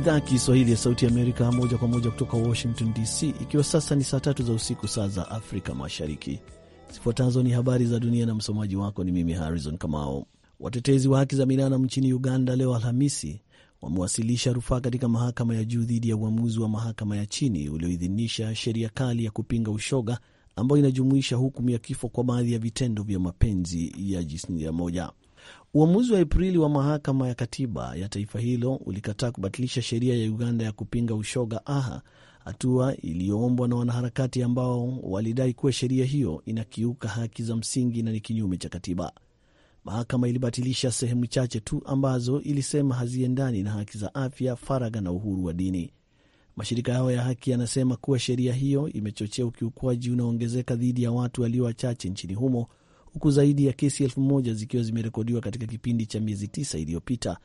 idhaa ya Kiswahili ya Sauti Amerika, moja kwa moja kutoka Washington DC, ikiwa sasa ni saa tatu za usiku, saa za Afrika Mashariki. Zifuatazo ni habari za dunia na msomaji wako ni mimi Harrison Kamao. Watetezi wa haki za binadamu nchini Uganda leo Alhamisi wamewasilisha rufaa katika mahakama ya juu dhidi ya uamuzi wa mahakama ya chini ulioidhinisha sheria kali ya kupinga ushoga ambayo inajumuisha hukumu ya kifo kwa baadhi ya vitendo vya mapenzi ya jinsia moja. Uamuzi wa Aprili wa mahakama ya katiba ya taifa hilo ulikataa kubatilisha sheria ya Uganda ya kupinga ushoga aha, hatua iliyoombwa na wanaharakati ambao walidai kuwa sheria hiyo inakiuka haki za msingi na ni kinyume cha katiba. Mahakama ilibatilisha sehemu chache tu ambazo ilisema haziendani na haki za afya, faragha na uhuru wa dini. Mashirika hayo ya haki yanasema kuwa sheria hiyo imechochea ukiukwaji unaoongezeka dhidi ya watu walio wachache nchini humo huku zaidi ya kesi elfu moja zikiwa zimerekodiwa katika kipindi cha miezi tisa iliyopita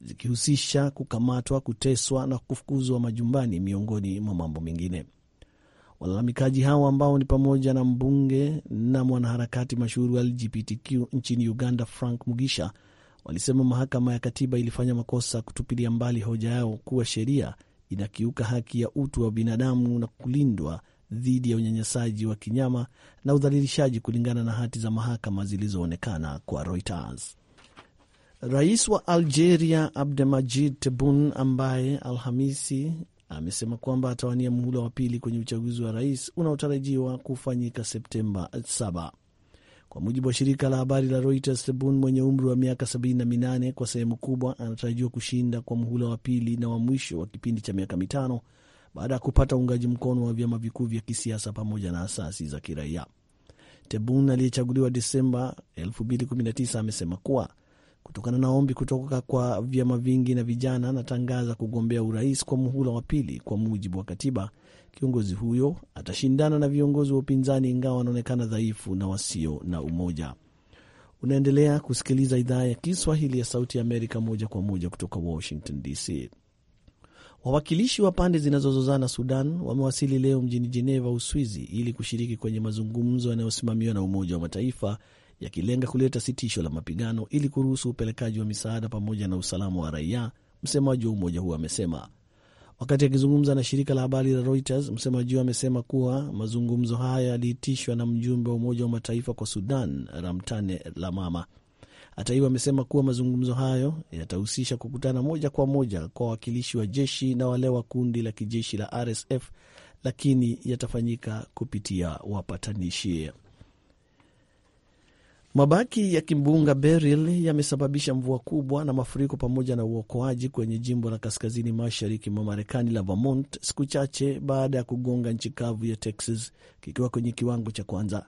zikihusisha kukamatwa, kuteswa na kufukuzwa majumbani miongoni mwa mambo mengine. Walalamikaji hao ambao ni pamoja na mbunge na mwanaharakati mashuhuri wa LGBTQ nchini Uganda, Frank Mugisha, walisema mahakama ya katiba ilifanya makosa kutupilia mbali hoja yao kuwa sheria inakiuka haki ya utu wa binadamu na kulindwa dhidi ya unyanyasaji wa kinyama na udhalilishaji kulingana na hati za mahakama zilizoonekana kwa Reuters. Rais wa Algeria Abdelmadjid Tebboune ambaye Alhamisi amesema kwamba atawania muhula wa pili kwenye uchaguzi wa rais unaotarajiwa kufanyika Septemba 7. Kwa mujibu wa shirika la habari la Reuters, Tebboune mwenye umri wa miaka 78 kwa sehemu kubwa anatarajiwa kushinda kwa muhula wa pili na wa mwisho wa kipindi cha miaka mitano baada ya kupata uungaji mkono wa vyama vikuu vya kisiasa pamoja na asasi za kiraia. Tebun aliyechaguliwa Desemba 2019 amesema kuwa kutokana na ombi kutoka kwa vyama vingi na vijana, anatangaza kugombea urais kwa muhula wa pili. Kwa mujibu wa katiba, kiongozi huyo atashindana na viongozi wa upinzani, ingawa wanaonekana dhaifu na wasio na umoja. Unaendelea kusikiliza idhaa ya Kiswahili ya Sauti ya Amerika moja kwa moja kutoka Washington DC. Wawakilishi wa pande zinazozozana Sudan wamewasili leo mjini Jeneva, Uswizi, ili kushiriki kwenye mazungumzo yanayosimamiwa na Umoja wa Mataifa yakilenga kuleta sitisho la mapigano ili kuruhusu upelekaji wa misaada pamoja na usalama wa raia, msemaji wa umoja huo amesema. Wakati akizungumza na shirika la habari la Reuters, msemaji huo amesema kuwa mazungumzo haya yaliitishwa na mjumbe wa Umoja wa Mataifa kwa Sudan, Ramtane Lamama. Hata hivyo, amesema kuwa mazungumzo hayo yatahusisha kukutana moja kwa moja kwa wawakilishi wa jeshi na wale wa kundi la kijeshi la RSF, lakini yatafanyika kupitia wapatanishi. Mabaki ya kimbunga Beryl yamesababisha mvua kubwa na mafuriko pamoja na uokoaji kwenye jimbo la kaskazini mashariki mwa Marekani la Vermont, siku chache baada ya kugonga nchi kavu ya Texas kikiwa kwenye kiwango cha kwanza.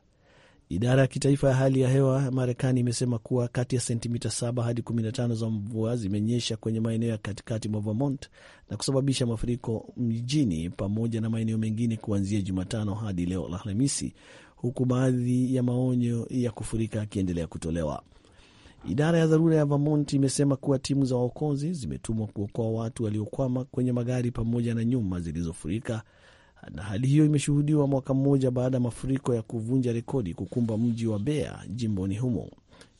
Idara ya kitaifa ya hali ya hewa ya Marekani imesema kuwa kati ya sentimita 7 hadi 15 za mvua zimenyesha kwenye maeneo ya katikati mwa Vermont na kusababisha mafuriko mjini pamoja na maeneo mengine kuanzia Jumatano hadi leo la Alhamisi, huku baadhi ya maonyo ya kufurika yakiendelea kutolewa. Idara ya dharura ya Vermont imesema kuwa timu za waokozi zimetumwa kuokoa watu waliokwama kwenye magari pamoja na nyumba zilizofurika na hali hiyo imeshuhudiwa mwaka mmoja baada ya mafuriko ya kuvunja rekodi kukumba mji wa Bea jimboni humo.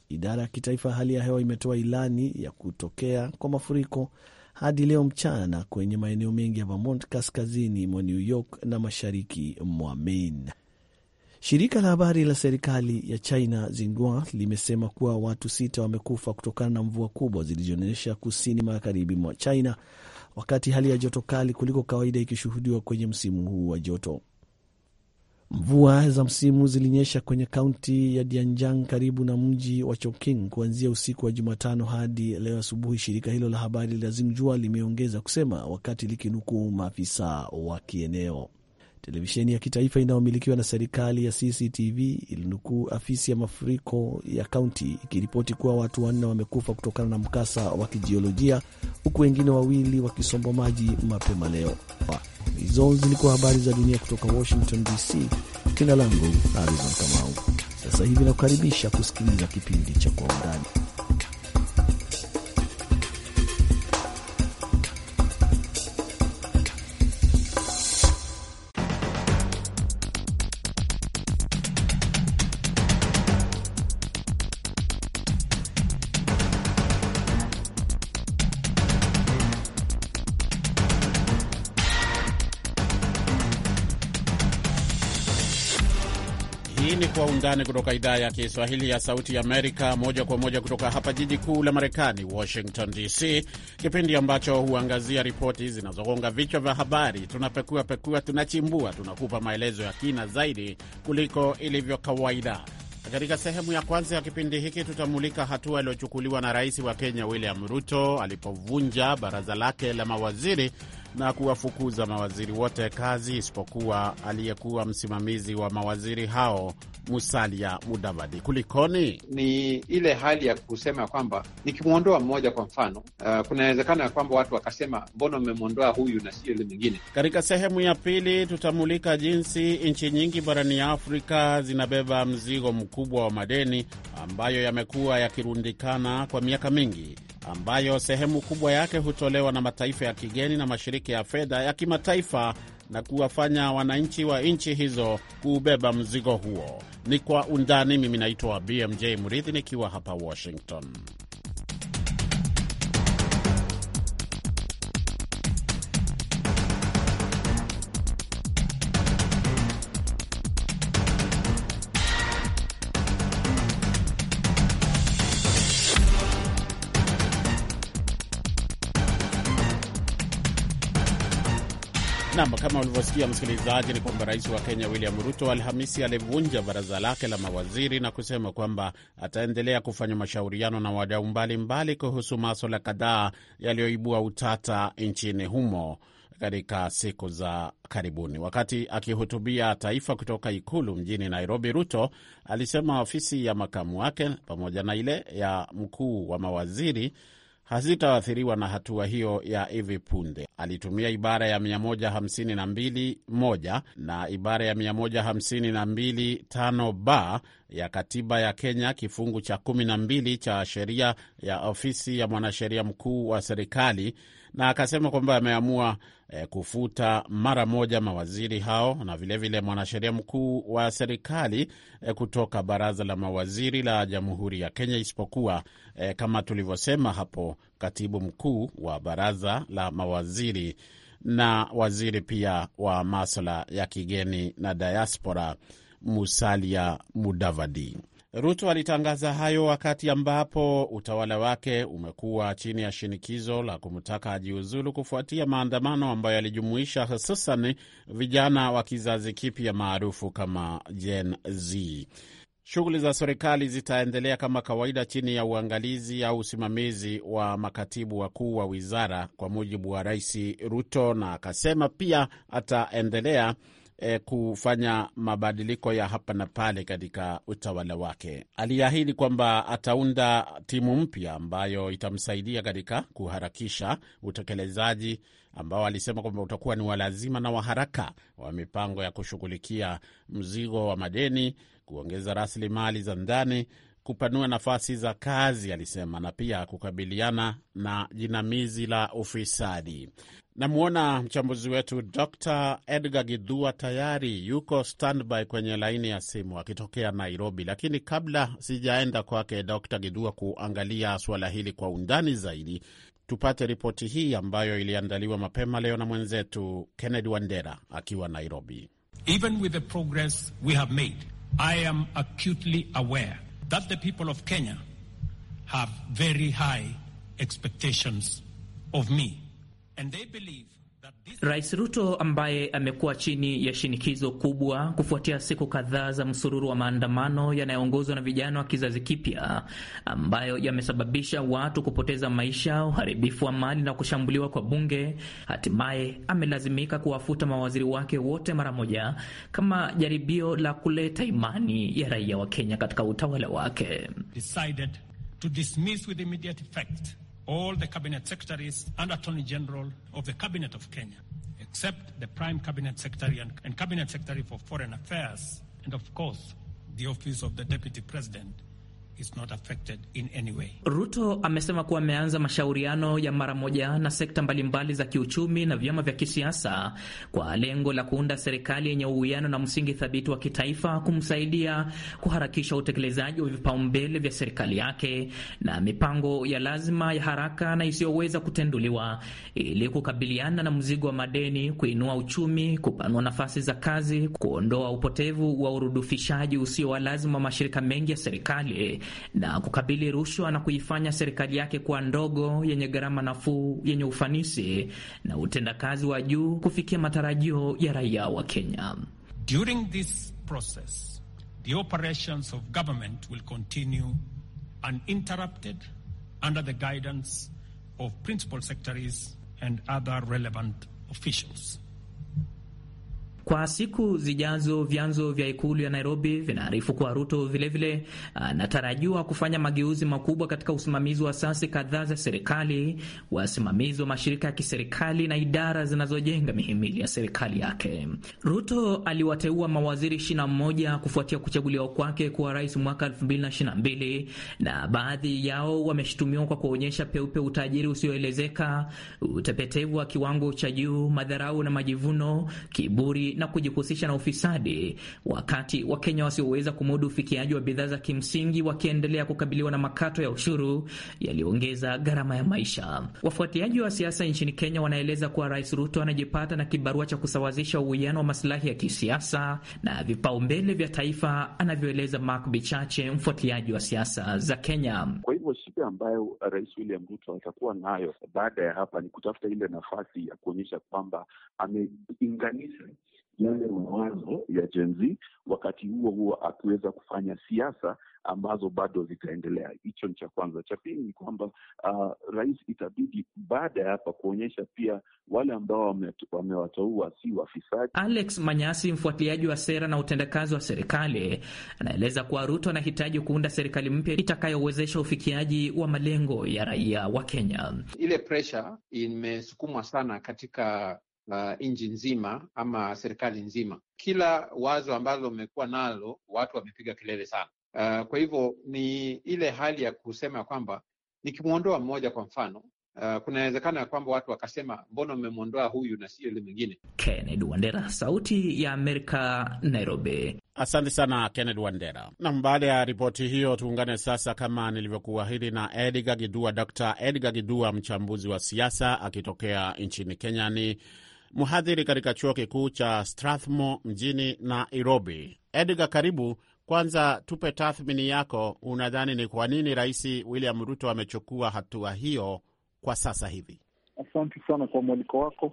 Idara ya kitaifa ya hali ya hewa imetoa ilani ya kutokea kwa mafuriko hadi leo mchana kwenye maeneo mengi ya Vermont, kaskazini mwa New York na mashariki mwa Maine. Shirika la habari la serikali ya China Xinhua limesema kuwa watu sita wamekufa kutokana na mvua kubwa zilizonyesha kusini magharibi mwa China wakati hali ya joto kali kuliko kawaida ikishuhudiwa kwenye msimu huu wa joto. Mvua za msimu zilinyesha kwenye kaunti ya Dianjang karibu na mji wa Chongqing kuanzia usiku wa Jumatano hadi leo asubuhi, shirika hilo la habari la Xinhua limeongeza kusema, wakati likinukuu maafisa wa kieneo. Televisheni ya kitaifa inayomilikiwa na serikali ya CCTV ilinukuu afisi ya mafuriko ya kaunti ikiripoti kuwa watu wanne wamekufa kutokana na mkasa wa kijiolojia huku wengine wawili wakisombwa maji mapema leo. Ah, hizo zilikuwa habari za dunia kutoka Washington DC. Jina langu Harizon Kamau. Sasa hivi nakukaribisha kusikiliza kipindi cha Kwa Undani. undani kutoka idhaa ya Kiswahili ya Sauti ya Amerika, moja kwa moja kutoka hapa jiji kuu la Marekani, Washington DC, kipindi ambacho huangazia ripoti zinazogonga vichwa vya habari. Tunapekua pekua, tunachimbua, tunakupa maelezo ya kina zaidi kuliko ilivyo kawaida. Katika sehemu ya kwanza ya kipindi hiki tutamulika hatua iliyochukuliwa na rais wa Kenya William Ruto alipovunja baraza lake la mawaziri na kuwafukuza mawaziri wote kazi isipokuwa aliyekuwa msimamizi wa mawaziri hao Musalia Mudavadi, kulikoni? Ni ile hali ya kusema kwamba nikimwondoa mmoja, kwa mfano uh, kunawezekana ya kwamba watu wakasema mbona umemwondoa huyu na sio yule mwingine. Katika sehemu ya pili, tutamulika jinsi nchi nyingi barani ya Afrika zinabeba mzigo mkubwa wa madeni ambayo yamekuwa yakirundikana kwa miaka mingi ambayo sehemu kubwa yake hutolewa na mataifa ya kigeni na mashirika ya fedha ya kimataifa na kuwafanya wananchi wa nchi hizo kuubeba mzigo huo ni Kwa Undani. Mimi naitwa BMJ Murithi nikiwa hapa Washington. Nam, kama ulivyosikia msikilizaji, ni kwamba rais wa Kenya William Ruto Alhamisi alivunja baraza lake la mawaziri na kusema kwamba ataendelea kufanya mashauriano na wadau mbalimbali kuhusu maswala kadhaa yaliyoibua utata nchini humo katika siku za karibuni. Wakati akihutubia taifa kutoka ikulu mjini Nairobi, Ruto alisema ofisi ya makamu wake pamoja na ile ya mkuu wa mawaziri hazitaathiriwa na hatua hiyo ya hivi punde. Alitumia ibara ya 152.1 na ibara ya 152.5 b ya katiba ya Kenya, kifungu cha 12 cha sheria ya ofisi ya mwanasheria mkuu wa serikali na akasema kwamba ameamua eh, kufuta mara moja mawaziri hao na vilevile mwanasheria mkuu wa serikali eh, kutoka baraza la mawaziri la Jamhuri ya Kenya, isipokuwa eh, kama tulivyosema hapo, katibu mkuu wa baraza la mawaziri na waziri pia wa maswala ya kigeni na diaspora Musalia Mudavadi. Ruto alitangaza hayo wakati ambapo utawala wake umekuwa chini ya shinikizo la kumtaka ajiuzulu kufuatia maandamano ambayo yalijumuisha hususan vijana wa kizazi kipya maarufu kama Gen Z. Shughuli za serikali zitaendelea kama kawaida chini ya uangalizi au usimamizi wa makatibu wakuu wa wizara, kwa mujibu wa Rais Ruto, na akasema pia ataendelea eh, kufanya mabadiliko ya hapa na pale katika utawala wake. Aliahidi kwamba ataunda timu mpya ambayo itamsaidia katika kuharakisha utekelezaji ambao alisema kwamba utakuwa ni walazima na waharaka wa mipango ya kushughulikia mzigo wa madeni, kuongeza rasilimali za ndani kupanua nafasi za kazi alisema, na pia kukabiliana na jinamizi la ufisadi. Namwona mchambuzi wetu Dr Edgar Gidhua tayari yuko standby kwenye laini ya simu akitokea Nairobi. Lakini kabla sijaenda kwake Dr Gidhua kuangalia suala hili kwa undani zaidi, tupate ripoti hii ambayo iliandaliwa mapema leo na mwenzetu Kennedy Wandera akiwa Nairobi. Even with the progress we have made, I am acutely aware that the people of Kenya have very high expectations of me. Rais Ruto ambaye amekuwa chini ya shinikizo kubwa kufuatia siku kadhaa za msururu wa maandamano yanayoongozwa na vijana wa kizazi kipya ambayo yamesababisha watu kupoteza maisha, uharibifu wa mali na kushambuliwa kwa bunge, hatimaye amelazimika kuwafuta mawaziri wake wote mara moja kama jaribio la kuleta imani ya raia wa Kenya katika utawala wake. all the cabinet secretaries and attorney general of the cabinet of Kenya, except the prime cabinet secretary and, and cabinet secretary for foreign affairs, and of course, the office of the deputy president is not affected in any way. Ruto amesema kuwa ameanza mashauriano ya mara moja na sekta mbalimbali za kiuchumi na vyama vya kisiasa kwa lengo la kuunda serikali yenye uwiano na msingi thabiti wa kitaifa kumsaidia kuharakisha utekelezaji wa vipaumbele vya serikali yake na mipango ya lazima ya haraka na isiyoweza kutenduliwa ili kukabiliana na mzigo wa madeni, kuinua uchumi, kupanua nafasi za kazi, kuondoa upotevu wa urudufishaji usio wa lazima wa mashirika mengi ya serikali na kukabili rushwa na kuifanya serikali yake kuwa ndogo, yenye gharama nafuu, yenye ufanisi na utendakazi wa juu kufikia matarajio ya raia wa Kenya. During this process, the operations of government will continue uninterrupted under the guidance of principal secretaries and other relevant officials. Kwa siku zijazo, vyanzo vya ikulu ya Nairobi vinaarifu kuwa Ruto vilevile ah, anatarajiwa kufanya mageuzi makubwa katika usimamizi wa asasi kadhaa za serikali, wasimamizi wa mashirika ya kiserikali na idara zinazojenga mihimili ya serikali yake. Ruto aliwateua mawaziri 21 kufuatia kuchaguliwa kwake kuwa rais mwaka 2022 na baadhi yao wameshutumiwa kwa kuonyesha peupe utajiri usioelezeka, utepetevu wa kiwango cha juu, madharau na majivuno, kiburi na kujihusisha na ufisadi, wakati Wakenya wasioweza kumudu ufikiaji wa bidhaa za kimsingi wakiendelea kukabiliwa na makato ya ushuru yaliyoongeza gharama ya maisha. Wafuatiliaji wa siasa nchini Kenya wanaeleza kuwa Rais Ruto anajipata na kibarua cha kusawazisha uwiano wa masilahi ya kisiasa na vipaumbele vya taifa, anavyoeleza Mark Bichache, mfuatiliaji wa siasa za Kenya. Kwa hivyo shida ambayo Rais William Ruto atakuwa nayo baada ya hapa ni kutafuta ile nafasi ya kuonyesha kwamba ameinganisha yale mawazo ya Gen Z, wakati huo huo akiweza kufanya siasa ambazo bado zitaendelea. Hicho ni cha kwanza. Cha pili ni kwamba uh, rais itabidi baada ya hapa kuonyesha pia wale ambao wamewatoua si wafisadi. Alex Manyasi, mfuatiliaji wa sera na utendakazi wa serikali, anaeleza kuwa Ruto anahitaji kuunda serikali mpya itakayowezesha ufikiaji wa malengo ya raia wa Kenya. Ile presha imesukumwa sana katika uh, nchi nzima ama serikali nzima. Kila wazo ambalo umekuwa nalo watu wamepiga kelele sana. Uh, kwa hivyo ni ile hali ya kusema kwamba nikimwondoa mmoja kwa mfano uh, kunawezekana kwamba watu wakasema mbona umemwondoa huyu na sio yule mwingine. Kennedy Wandera, Sauti ya Amerika, Nairobi. Asante sana Kennedy Wandera. Nam, baada ya ripoti hiyo, tuungane sasa kama nilivyokuahidi na Edgar Gidua, Dr. Edgar Gidua, mchambuzi wa siasa akitokea nchini Kenya. Ni mhadhiri katika chuo kikuu cha Strathmore mjini Nairobi. Edgar, karibu. Kwanza tupe tathmini yako, unadhani ni kwa nini Rais William Ruto amechukua hatua hiyo kwa sasa hivi? Asante sana kwa mwaliko wako.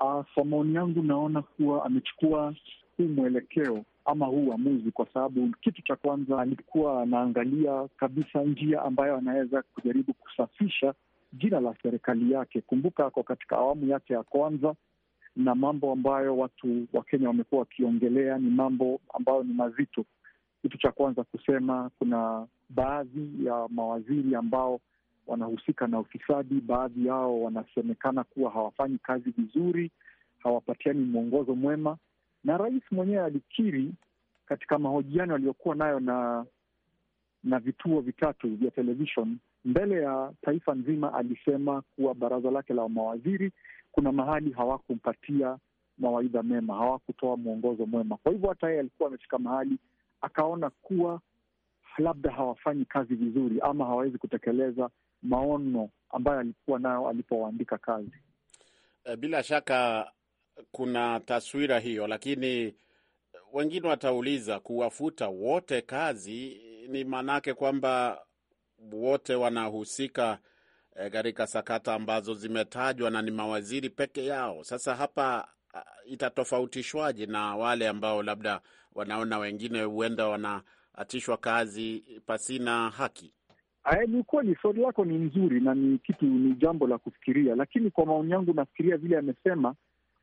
Uh, kwa maoni yangu naona kuwa amechukua huu mwelekeo ama huu uamuzi kwa sababu kitu cha kwanza alikuwa anaangalia kabisa njia ambayo anaweza kujaribu kusafisha jina la serikali yake. Kumbuka ako katika awamu yake ya kwanza, na mambo ambayo watu wa Kenya wamekuwa wakiongelea ni mambo ambayo ni mazito. Kitu cha kwanza kusema, kuna baadhi ya mawaziri ambao wanahusika na ufisadi. Baadhi yao wanasemekana kuwa hawafanyi kazi vizuri, hawapatiani mwongozo mwema, na rais mwenyewe alikiri katika mahojiano aliyokuwa nayo na na vituo vitatu vya television mbele ya taifa nzima, alisema kuwa baraza lake la mawaziri kuna mahali hawakumpatia mawaidha mema, hawakutoa mwongozo mwema. Kwa hivyo hata yeye alikuwa amefika mahali akaona kuwa labda hawafanyi kazi vizuri ama hawawezi kutekeleza maono ambayo alikuwa nayo alipowaandika kazi. Eh, bila shaka kuna taswira hiyo, lakini wengine watauliza kuwafuta wote kazi ni maanake kwamba wote wanahusika Eh, katika sakata ambazo zimetajwa na ni mawaziri peke yao. Sasa hapa ah, itatofautishwaje na wale ambao labda wanaona wengine huenda wanaachishwa kazi pasina haki? Eh, ni kweli swali lako ni nzuri na ni kitu, ni jambo la kufikiria, lakini kwa maoni yangu nafikiria vile amesema,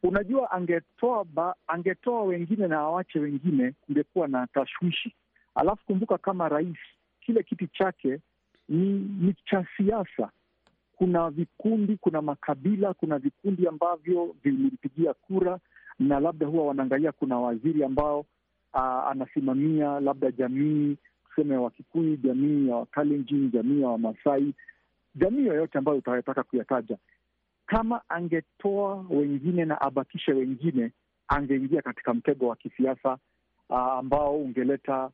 unajua, angetoa ba, angetoa wengine na awache wengine, kungekuwa na tashwishi. Alafu kumbuka, kama rais kile kiti chake ni, ni cha siasa kuna vikundi, kuna makabila, kuna vikundi ambavyo vilipigia kura, na labda huwa wanaangalia kuna waziri ambao uh, anasimamia labda jamii tuseme ya Wakikuyu, jamii ya Wakalenjin, jamii ya Wamasai, jamii yoyote ambayo utawataka kuyataja. Kama angetoa wengine na abakishe wengine, angeingia katika mtego wa kisiasa ambao ungeleta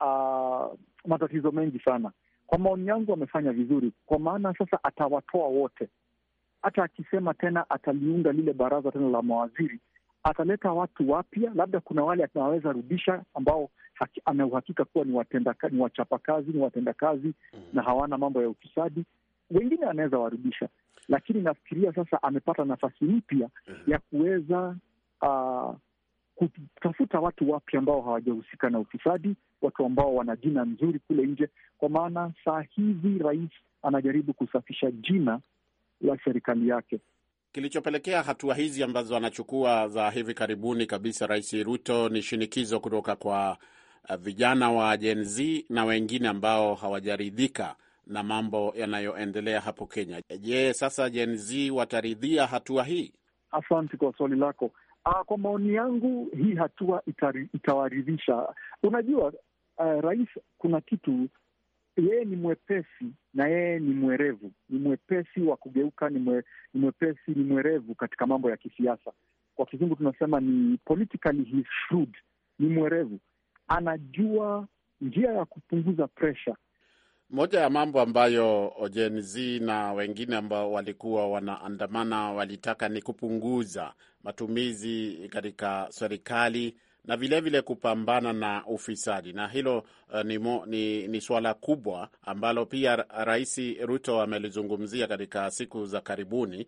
uh, matatizo mengi sana. Kwa maoni yangu amefanya vizuri, kwa maana sasa atawatoa wote. Hata akisema tena ataliunda lile baraza tena la mawaziri, ataleta watu wapya, labda kuna wale anaweza rudisha ambao ameuhakika kuwa ni watenda, ni wachapakazi, ni watendakazi mm na hawana mambo ya ufisadi. Wengine anaweza warudisha, lakini nafikiria sasa amepata nafasi mpya mm ya kuweza uh, kutafuta watu wapya ambao hawajahusika na ufisadi, watu ambao wana jina nzuri kule nje, kwa maana saa hizi rais anajaribu kusafisha jina la serikali yake. Kilichopelekea hatua hizi ambazo anachukua za hivi karibuni kabisa Rais Ruto ni shinikizo kutoka kwa eh, vijana wa Gen Z na wengine ambao hawajaridhika na mambo yanayoendelea hapo Kenya. Je, sasa Gen Z wataridhia hatua hii? Asante kwa swali lako. Uh, kwa maoni yangu hii hatua itawaridhisha. Unajua uh, rais kuna kitu yeye ni mwepesi na yeye ni mwerevu, ni mwepesi wa kugeuka, ni, mwe, ni mwepesi, ni mwerevu katika mambo ya kisiasa. Kwa kizungu tunasema ni politically he's shrewd, ni mwerevu, anajua njia ya kupunguza presha moja ya mambo ambayo Gen Z na wengine ambao walikuwa wanaandamana walitaka ni kupunguza matumizi katika serikali na vilevile kupambana na ufisadi, na hilo uh, ni, ni, ni suala kubwa ambalo pia Rais Ruto amelizungumzia katika siku za karibuni.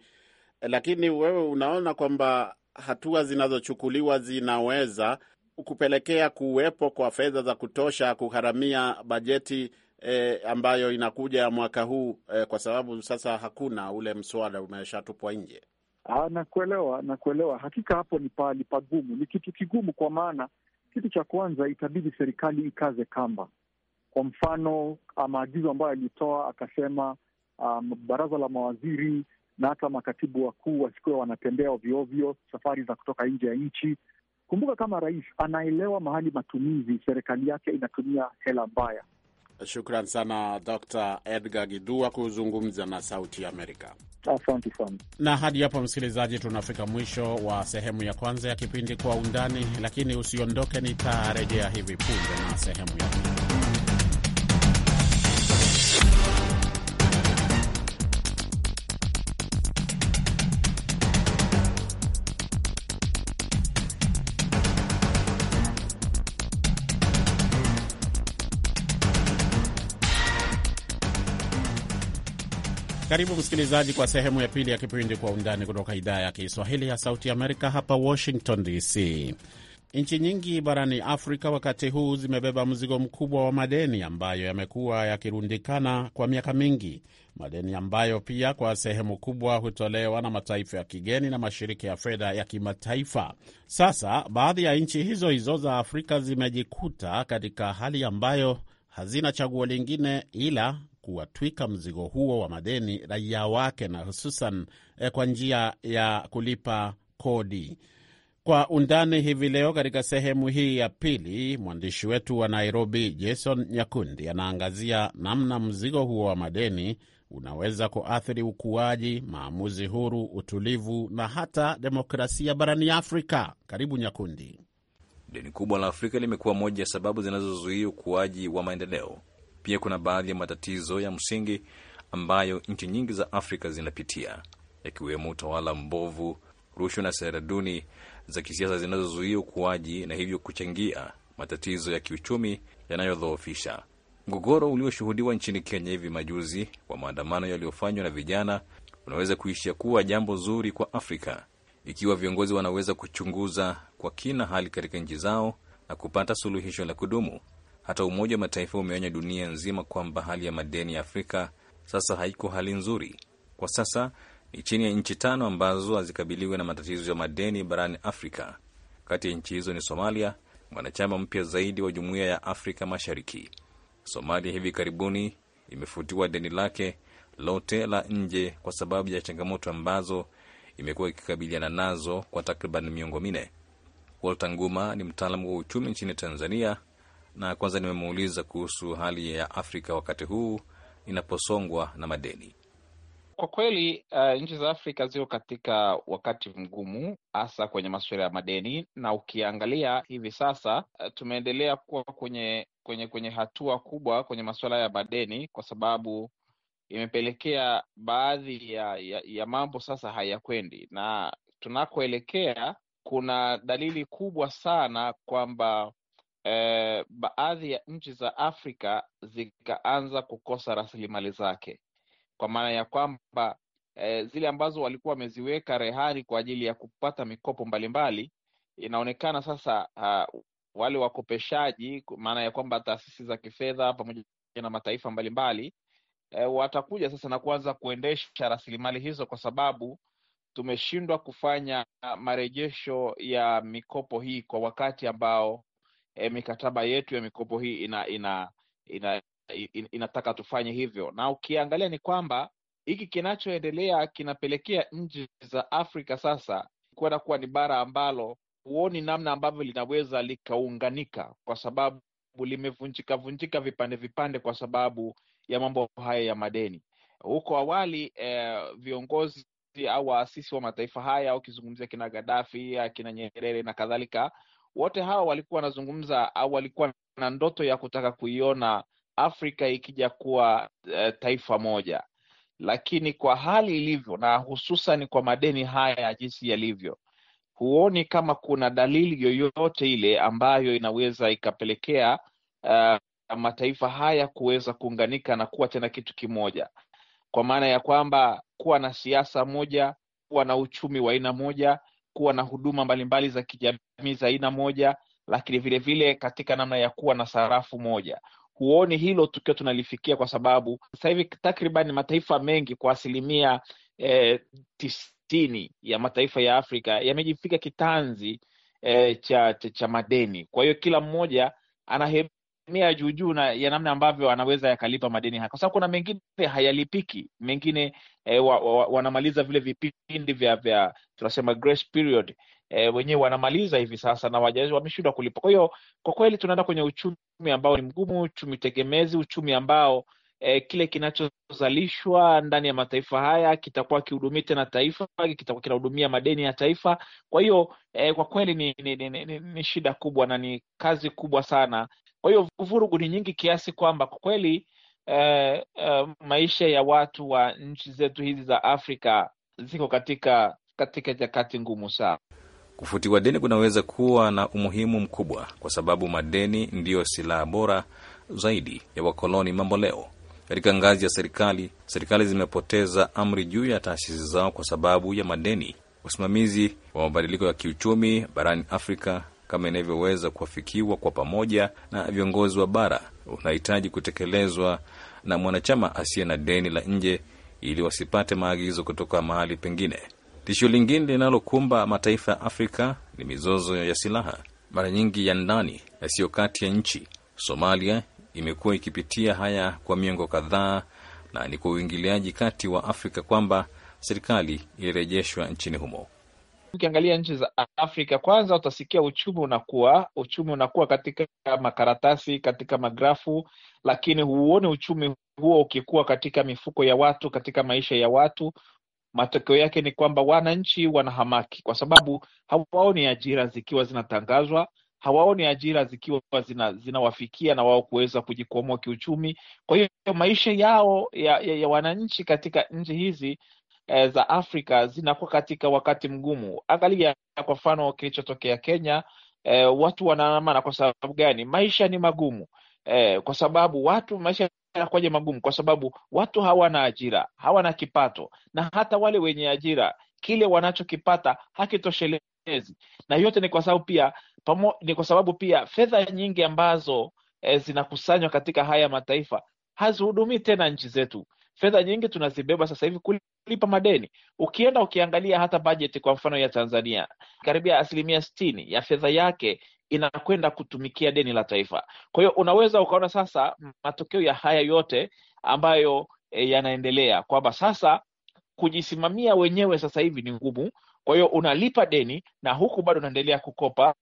Lakini wewe unaona kwamba hatua zinazochukuliwa zinaweza kupelekea kuwepo kwa fedha za kutosha kugharamia bajeti e, ambayo inakuja ya mwaka huu e, kwa sababu sasa hakuna ule mswada umeshatupwa nje. Ah, nakuelewa, nakuelewa. Hakika hapo ni pahali pagumu, ni kitu kigumu, kwa maana kitu cha kwanza itabidi serikali ikaze kamba. Kwa mfano ah, maagizo ambayo alitoa akasema, um, baraza la mawaziri na hata makatibu wakuu wasikuwe wanatembea ovyoovyo safari za kutoka nje ya nchi. Kumbuka kama rais anaelewa mahali matumizi serikali yake inatumia hela mbaya, Shukran sana Dr. Edgar Gidua kuzungumza na Sauti ya Amerika. Asante sana. Na hadi hapo, msikilizaji, tunafika mwisho wa sehemu ya kwanza ya kipindi Kwa Undani, lakini usiondoke, nitarejea hivi punde na sehemu ya pili. Karibu msikilizaji, kwa sehemu ya pili ya kipindi Kwa Undani kutoka idhaa ya Kiswahili ya Sauti Amerika, hapa Washington DC. Nchi nyingi barani Afrika wakati huu zimebeba mzigo mkubwa wa madeni ambayo yamekuwa yakirundikana kwa miaka mingi, madeni ambayo pia kwa sehemu kubwa hutolewa na mataifa ya kigeni na mashirika ya fedha ya kimataifa. Sasa baadhi ya nchi hizo hizo za Afrika zimejikuta katika hali ambayo hazina chaguo lingine ila kuwatwika mzigo huo wa madeni raia wake na hususan eh, kwa njia ya kulipa kodi. Kwa undani hivi leo katika sehemu hii ya pili, mwandishi wetu wa Nairobi Jason Nyakundi anaangazia namna mzigo huo wa madeni unaweza kuathiri ukuaji, maamuzi huru, utulivu na hata demokrasia barani Afrika. Karibu Nyakundi. Deni kubwa la Afrika limekuwa moja ya sababu zinazozuia ukuaji wa maendeleo pia kuna baadhi ya matatizo ya msingi ambayo nchi nyingi za Afrika zinapitia, yakiwemo utawala mbovu, rushwa na sera duni za kisiasa zinazozuia ukuaji na hivyo kuchangia matatizo ya kiuchumi yanayodhoofisha. Mgogoro ulioshuhudiwa nchini Kenya hivi majuzi wa maandamano yaliyofanywa na vijana unaweza kuishia kuwa jambo zuri kwa Afrika ikiwa viongozi wanaweza kuchunguza kwa kina hali katika nchi zao na kupata suluhisho la kudumu. Hata Umoja wa Mataifa umeonya dunia nzima kwamba hali ya madeni ya Afrika sasa haiko hali nzuri. Kwa sasa ni chini ya nchi tano ambazo hazikabiliwe na matatizo ya madeni barani Afrika. Kati ya nchi hizo ni Somalia, mwanachama mpya zaidi wa Jumuiya ya Afrika Mashariki. Somalia hivi karibuni imefutiwa deni lake lote la nje kwa sababu ya changamoto ambazo imekuwa ikikabiliana nazo kwa takriban miongo minne. Walter Nguma ni mtaalamu wa uchumi nchini Tanzania na kwanza nimemuuliza kuhusu hali ya Afrika wakati huu inaposongwa na madeni. Kwa kweli uh, nchi za Afrika ziko katika wakati mgumu, hasa kwenye masuala ya madeni, na ukiangalia hivi sasa uh, tumeendelea kuwa kwenye kwenye kwenye hatua kubwa kwenye masuala ya madeni, kwa sababu imepelekea baadhi ya, ya, ya mambo sasa hayakwendi, na tunakoelekea kuna dalili kubwa sana kwamba eh, baadhi ya nchi za Afrika zikaanza kukosa rasilimali zake, kwa maana ya kwamba eh, zile ambazo walikuwa wameziweka rehani kwa ajili ya kupata mikopo mbalimbali mbali, inaonekana sasa uh, wale wakopeshaji, maana ya kwamba taasisi za kifedha pamoja na mataifa mbalimbali mbali, eh, watakuja sasa na kuanza kuendesha rasilimali hizo kwa sababu tumeshindwa kufanya marejesho ya mikopo hii kwa wakati ambao e, mikataba yetu ya mikopo hii ina ina, ina, ina inataka tufanye hivyo, na ukiangalia ni kwamba hiki kinachoendelea kinapelekea nchi za Afrika sasa kuenda kuwa ni bara ambalo huoni namna ambavyo linaweza likaunganika kwa sababu limevunjika vunjika vipande vipande kwa sababu ya mambo haya ya madeni. Huko awali eh, viongozi au waasisi wa mataifa haya ukizungumzia kina gadafi akina Nyerere na kadhalika, wote hawa walikuwa wanazungumza au walikuwa na ndoto ya kutaka kuiona Afrika ikija kuwa e, taifa moja, lakini kwa hali ilivyo na hususan kwa madeni haya ya jinsi yalivyo, huoni kama kuna dalili yoyote ile ambayo inaweza ikapelekea uh, mataifa haya kuweza kuunganika na kuwa tena kitu kimoja, kwa maana ya kwamba kuwa na siasa moja, kuwa na uchumi wa aina moja kuwa na huduma mbalimbali za kijamii za aina moja, lakini vilevile katika namna ya kuwa na sarafu moja. Huoni hilo tukiwa tunalifikia, kwa sababu sasa hivi takriban mataifa mengi kwa asilimia eh, tisini ya mataifa ya Afrika yamejifika kitanzi eh, cha, cha, cha madeni. Kwa hiyo kila mmoja ana ya juu juu na ya namna ambavyo anaweza yakalipa madeni haya, kwa sababu kuna mengine hayalipiki, mengine eh, wa, wa, wanamaliza vile vipindi vya vya tunasema grace period eh, wenyewe wanamaliza hivi sasa na wameshindwa kulipa. Kwa hiyo kwa kweli tunaenda kwenye uchumi ambao ni mgumu, uchumi tegemezi, uchumi ambao eh, kile kinachozalishwa ndani ya mataifa haya kitakuwa kihudumii tena taifa, kitakuwa kinahudumia madeni ya taifa. Kwa hiyo eh, kwa kweli ni, ni, ni, ni, ni shida kubwa na ni kazi kubwa sana kwa hiyo vurugu ni nyingi kiasi kwamba kwa kweli uh, uh, maisha ya watu wa nchi zetu hizi za Afrika ziko katika katika jakati ngumu sana. Kufutiwa deni kunaweza kuwa na umuhimu mkubwa, kwa sababu madeni ndiyo silaha bora zaidi ya wakoloni mambo leo. Katika ngazi ya serikali, serikali zimepoteza amri juu ya taasisi zao kwa sababu ya madeni. Usimamizi wa mabadiliko ya kiuchumi barani Afrika kama inavyoweza kuafikiwa kwa pamoja na viongozi wa bara, unahitaji kutekelezwa na mwanachama asiye na deni la nje ili wasipate maagizo kutoka mahali pengine. Tishio lingine linalokumba mataifa ya Afrika ni mizozo ya silaha, mara nyingi ya ndani, yasiyo kati ya nchi. Somalia imekuwa ikipitia haya kwa miongo kadhaa, na ni kwa uingiliaji kati wa Afrika kwamba serikali ilirejeshwa nchini humo. Ukiangalia nchi za Afrika kwanza, utasikia uchumi unakuwa, uchumi unakuwa katika makaratasi, katika magrafu, lakini huoni uchumi huo ukikuwa katika mifuko ya watu, katika maisha ya watu. Matokeo yake ni kwamba wananchi wanahamaki, kwa sababu hawaoni ajira zikiwa zinatangazwa hawaoni ajira zikiwa zinawafikia zina na wao kuweza kujikwamua kiuchumi. Kwa hiyo maisha yao ya, ya, ya wananchi katika nchi hizi Eh, za Afrika zinakuwa katika wakati mgumu. Angalia kwa mfano kilichotokea Kenya. E, watu wanaandamana kwa sababu gani? Maisha ni magumu. E, kwa sababu watu maisha yanakuwaje magumu? Kwa sababu watu hawana ajira, hawana kipato, na hata wale wenye ajira kile wanachokipata hakitoshelezi, na yote ni kwa sababu pia pamo, ni kwa sababu pia fedha nyingi ambazo e, zinakusanywa katika haya mataifa hazihudumii tena nchi zetu fedha nyingi tunazibeba sasa hivi kulipa madeni. Ukienda ukiangalia hata bajeti kwa mfano ya Tanzania, karibia asilimia sitini ya fedha yake inakwenda kutumikia deni la taifa. Kwa hiyo unaweza ukaona sasa matokeo ya haya yote ambayo e, yanaendelea kwamba sasa kujisimamia wenyewe sasa hivi ni ngumu. Kwa hiyo unalipa deni na huku bado unaendelea kukopa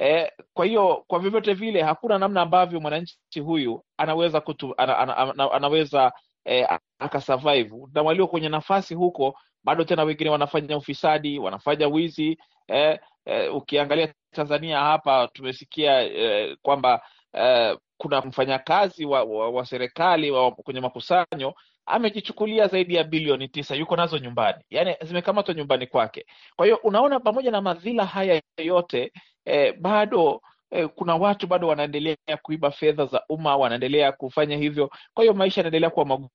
e. Kwa hiyo kwa vyovyote vile hakuna namna ambavyo mwananchi huyu anaweza kutu, ana, ana, ana, anaweza eh, akasurvive na walio kwenye nafasi huko bado tena wengine wanafanya ufisadi wanafanya wizi eh, eh, ukiangalia Tanzania hapa tumesikia eh, kwamba eh, kuna mfanyakazi wa, wa, wa serikali wa, kwenye makusanyo amejichukulia zaidi ya bilioni tisa yuko nazo nyumbani, yani zimekamatwa nyumbani kwake. Kwa hiyo unaona, pamoja na madhila haya yote eh, bado eh, kuna watu bado wanaendelea kuiba fedha za umma, wanaendelea kufanya hivyo. Kwa hiyo maisha yanaendelea kuwa magumu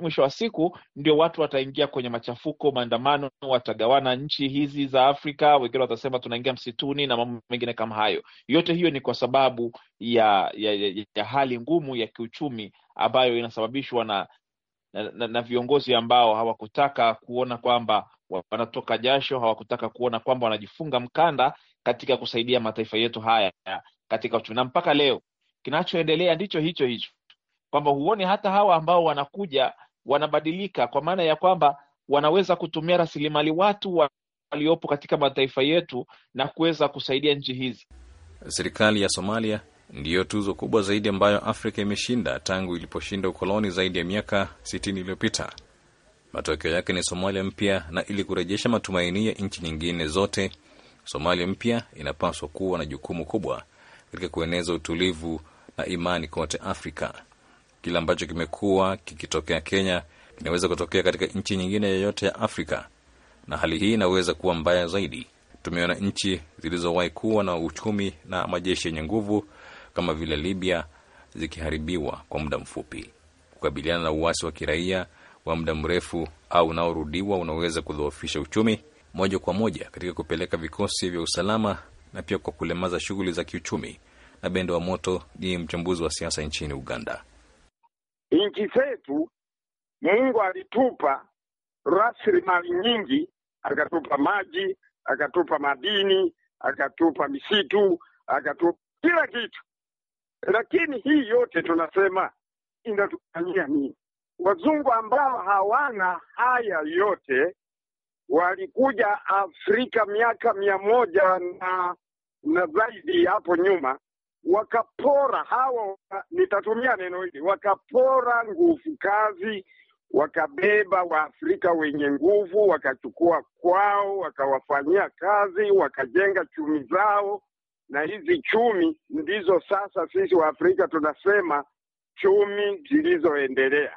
mwisho wa siku ndio watu wataingia kwenye machafuko, maandamano, watagawana nchi hizi za Afrika. Wengine watasema tunaingia msituni na mambo mengine kama hayo. Yote hiyo ni kwa sababu ya, ya, ya, ya hali ngumu ya kiuchumi ambayo inasababishwa na na, na, na viongozi ambao hawakutaka kuona kwamba wanatoka jasho, hawakutaka kuona kwamba wanajifunga mkanda katika kusaidia mataifa yetu haya katika uchumi, na mpaka leo kinachoendelea ndicho hicho hicho kwamba huone hata hawa ambao wanakuja wanabadilika, kwa maana ya kwamba wanaweza kutumia rasilimali watu waliopo katika mataifa yetu na kuweza kusaidia nchi hizi. Serikali ya Somalia ndiyo tuzo kubwa zaidi ambayo Afrika imeshinda tangu iliposhinda ukoloni zaidi ya miaka sitini iliyopita. Matokeo yake ni Somalia mpya, na ili kurejesha matumaini ya nchi nyingine zote, Somalia mpya inapaswa kuwa na jukumu kubwa katika kueneza utulivu na imani kote Afrika kile ambacho kimekuwa kikitokea Kenya kinaweza kutokea katika nchi nyingine yoyote ya Afrika, na hali hii inaweza kuwa mbaya zaidi. Tumeona nchi zilizowahi kuwa na uchumi na majeshi yenye nguvu kama vile Libya zikiharibiwa kwa muda mfupi. Kukabiliana na uasi wa kiraia wa muda mrefu au unaorudiwa unaweza kudhoofisha uchumi moja kwa moja katika kupeleka vikosi vya usalama na pia kwa kulemaza shughuli za kiuchumi. Na Bendo wa Moto ni mchambuzi wa siasa nchini Uganda. Nchi zetu Mungu alitupa rasilimali nyingi, akatupa maji, akatupa madini, akatupa misitu, akatupa kila kitu, lakini hii yote tunasema inatufanyia nini? Wazungu ambao hawana haya yote walikuja Afrika miaka mia moja na na zaidi hapo nyuma, wakapora hawa, nitatumia neno hili, wakapora nguvu kazi, wakabeba Waafrika wenye nguvu, wakachukua kwao, wakawafanyia kazi, wakajenga chumi zao, na hizi chumi ndizo sasa sisi Waafrika tunasema chumi zilizoendelea.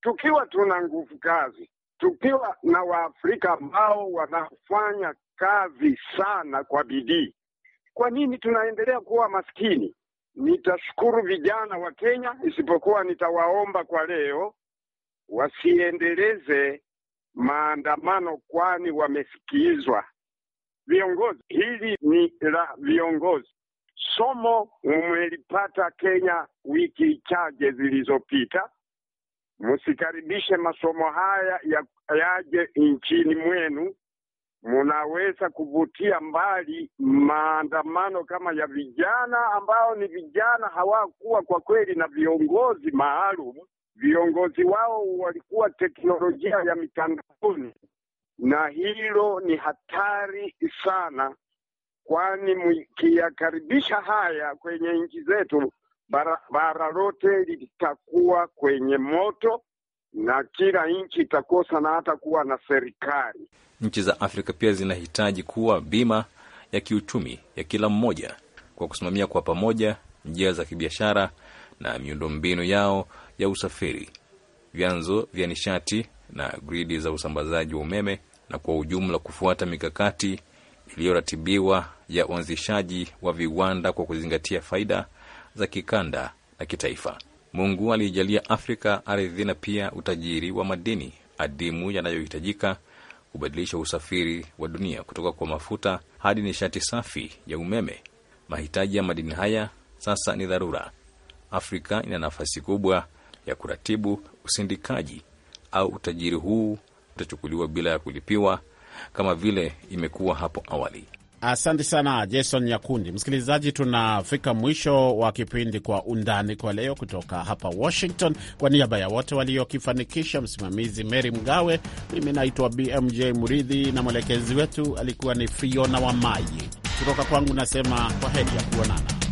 Tukiwa tuna nguvu kazi, tukiwa na Waafrika ambao wanafanya kazi sana kwa bidii kwa nini tunaendelea kuwa maskini? Nitashukuru vijana wa Kenya, isipokuwa nitawaomba kwa leo wasiendeleze maandamano, kwani wamesikizwa. Viongozi, hili ni la viongozi. Somo mmelipata Kenya wiki chache zilizopita. Msikaribishe masomo haya ya yaje nchini mwenu munaweza kuvutia mbali maandamano kama ya vijana ambao ni vijana hawakuwa kwa kweli na viongozi maalum. Viongozi wao walikuwa teknolojia ya mitandaoni, na hilo ni hatari sana, kwani mkiyakaribisha haya kwenye nchi zetu, barabara lote litakuwa kwenye moto na kila nchi itakosa na hata kuwa na serikali. Nchi za Afrika pia zinahitaji kuwa bima ya kiuchumi ya kila mmoja kwa kusimamia kwa pamoja njia za kibiashara na miundombinu yao ya usafiri, vyanzo vya nishati na gridi za usambazaji wa umeme, na kwa ujumla kufuata mikakati iliyoratibiwa ya uanzishaji wa viwanda kwa kuzingatia faida za kikanda na kitaifa. Mungu aliijalia Afrika ardhi na pia utajiri wa madini adimu yanayohitajika kubadilisha usafiri wa dunia kutoka kwa mafuta hadi nishati safi ya umeme. Mahitaji ya madini haya sasa ni dharura. Afrika ina nafasi kubwa ya kuratibu usindikaji au utajiri huu utachukuliwa bila ya kulipiwa kama vile imekuwa hapo awali. Asante sana Jason Nyakundi. Msikilizaji, tunafika mwisho wa kipindi Kwa Undani kwa leo, kutoka hapa Washington. Kwa niaba ya wote waliokifanikisha, msimamizi Mary Mgawe, mimi naitwa BMJ Muridhi na mwelekezi wetu alikuwa ni Fiona wa maji Kutoka kwangu nasema kwa heri ya kuonana.